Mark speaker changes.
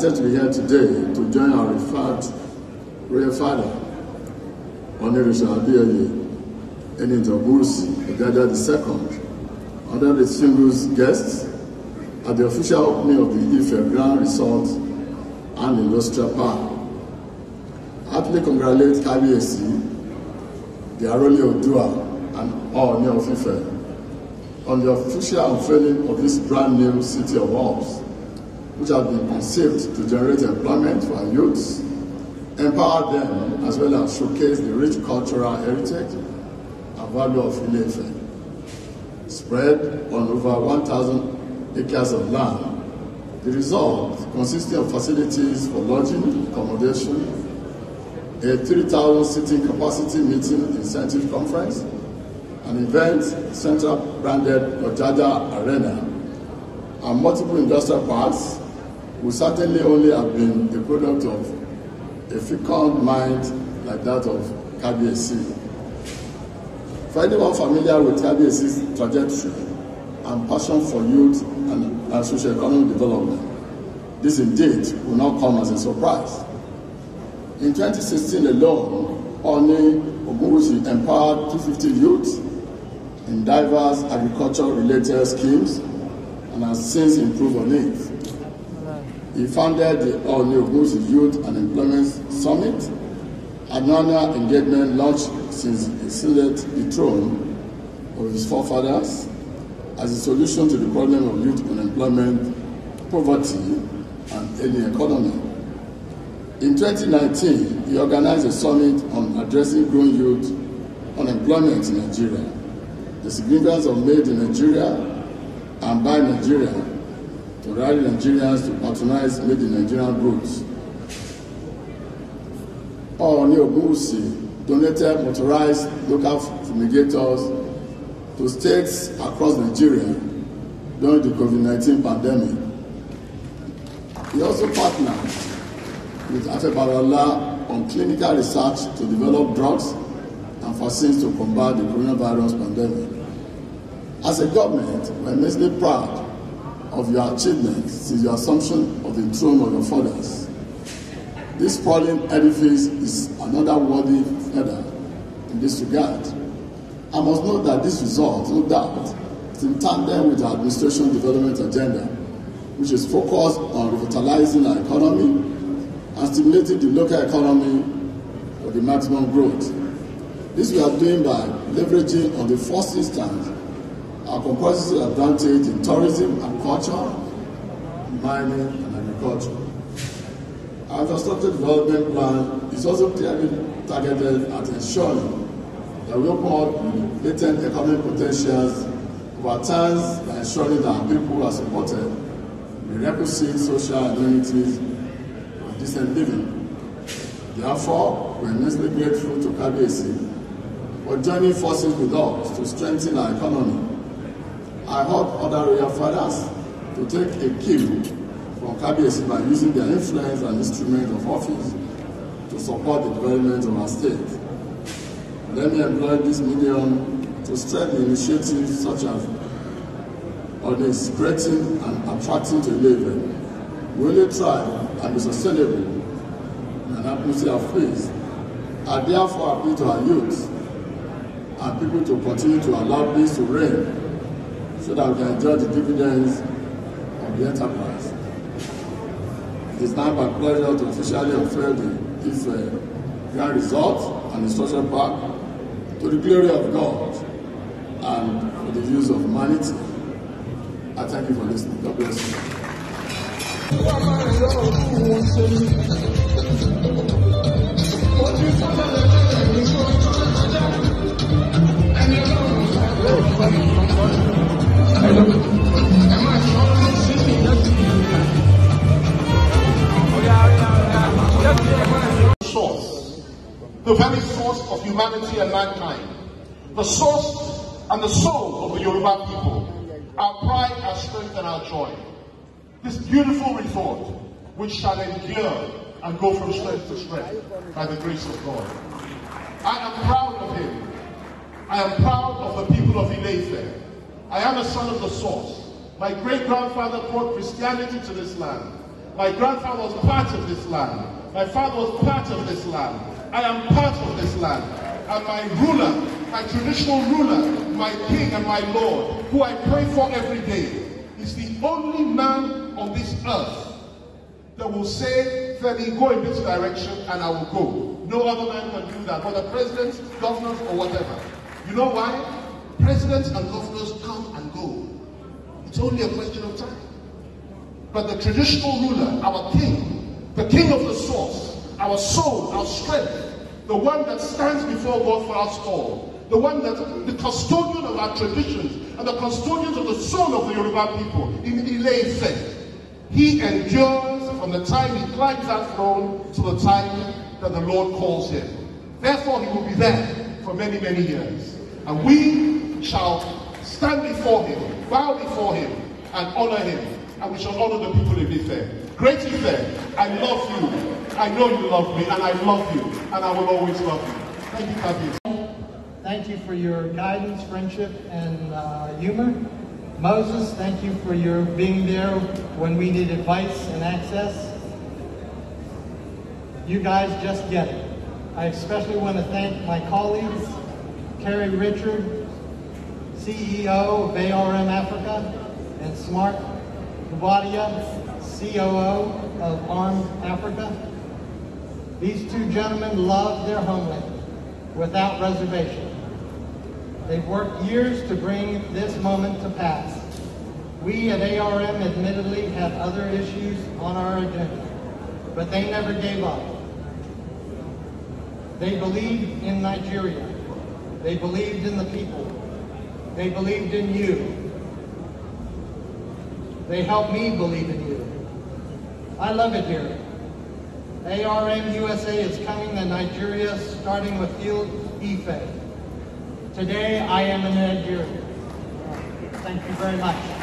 Speaker 1: delighted to be here today to join our referred, real father, Honorable Abiyeye Enito Bursi Ejaja second, under the distinguished guests at the official opening of the Ife Grand Resort and Industrial Park. Heartily congratulate Kabiyesi, the Arole Odua, and all Ooni of Ife on the official unveiling of this brand new city of homes which have been conceived to generate employment for our youths, empower them as well as showcase the rich cultural heritage and value of ile Spread on over 1,000 acres of land, the result consisting of facilities for lodging, accommodation, a 3,000 seating capacity meeting incentive conference, an event center branded Ojaja Arena, and multiple industrial parks would certainly only have been a product of a fecund mind like that of Kabiyesi. For anyone familiar with Kabiyesi's trajectory and passion for youth and, and socio-economic development, this indeed will not come as a surprise. In 2016 alone, Oni Ogunwusi empowered 250 youths in diverse agriculture-related schemes and has since improved on it. He founded the All Neogusi Youth and Employment Summit, an annual engagement launched since he ascended the throne of his forefathers as a solution to the problem of youth unemployment, poverty, and ailing economy. In 2019, he organized a summit on addressing growing youth unemployment in Nigeria, the significance of made in Nigeria and by Nigeria rally Nigerians to patronize made in Nigerian roads. Ọọ̀ni Ogunwusi donated motorized local fumigators to states across Nigeria during the COVID-19 pandemic. He also partnered with Afebarala on clinical research to develop drugs and vaccines to combat the coronavirus pandemic. As a government, we're immensely proud of your achievements since your assumption of the throne of your fathers. This sprawling edifice is another worthy feather in this regard. I must note that this result, no doubt, is in tandem with our administration development agenda, which is focused on revitalizing our economy and stimulating the local economy for the maximum growth. This we are doing by leveraging on the forces. instance Our competitive advantage in tourism and culture, mining and agriculture. Our infrastructure development plan is also clearly targeted at ensuring that we open up latent economic potentials of our towns by ensuring that our people are supported with requisite social amenities and decent living. Therefore, we are immensely grateful to Kabiyesi for joining forces with us to strengthen our economy I hope other royal fathers to take a cue from KBS by using their influence and instruments of office to support the development of our state. Let me employ this medium to strengthen initiatives such as on its creating and attracting to labor. We only try and be sustainable and advocacy are face. I therefore appeal to our youth and people to continue to allow this to reign so that we can enjoy the dividends of the enterprise. It is now my pleasure to officially unveil this uh, grand result and social park to the glory of God and for the use of humanity. I thank you for listening. God bless
Speaker 2: you.
Speaker 3: the very source of humanity and mankind, the source and the soul of the Yoruba people, our pride, our strength, and our joy. This beautiful report which shall endure and go from strength to strength by the grace of God. I am proud of him. I am proud of the people of Ilefe. I am a son of the source. My great-grandfather brought Christianity to this land. My grandfather was part of this land. My father was part of this land. I am part of this land, and my ruler, my traditional ruler, my king and my Lord, who I pray for every day, is the only man on this earth that will say, Femi, go in this direction and I will go. No other man can do that, whether presidents, governors, or whatever. You know why? Presidents and governors come and go. It's only a question of time. But the traditional ruler, our king, the king of the source, our soul, our strength, the one that stands before God for us all, the one that the custodian of our traditions and the custodians of the soul of the Yoruba people in ile said, He endures from the time he climbs that throne to the time that the Lord calls him. Therefore, he will be there for many, many years. And we shall stand before him, bow before him, and honor him. And we shall honor the people of Ife. Great Ife, I love you. I know you love me, and I love you, and I will always love you.
Speaker 2: Thank you, Kathy. Thank you for your guidance, friendship, and uh, humor. Moses, thank you for your being there when we need advice and access. You guys just get it. I especially want to thank my colleagues, Kerry Richard, CEO of ARM Africa, and Smart Kubadia, COO of ARM Africa. These two gentlemen love their homeland without reservation. They've worked years to bring this moment to pass. We at ARM admittedly have other issues on our agenda, but they never gave up. They believed in Nigeria. They believed in the people. They believed in you. They helped me believe in you. I love it here. ARM USA is coming to Nigeria, starting with Field Ife. Today, I am an Nigerian. Thank you very much.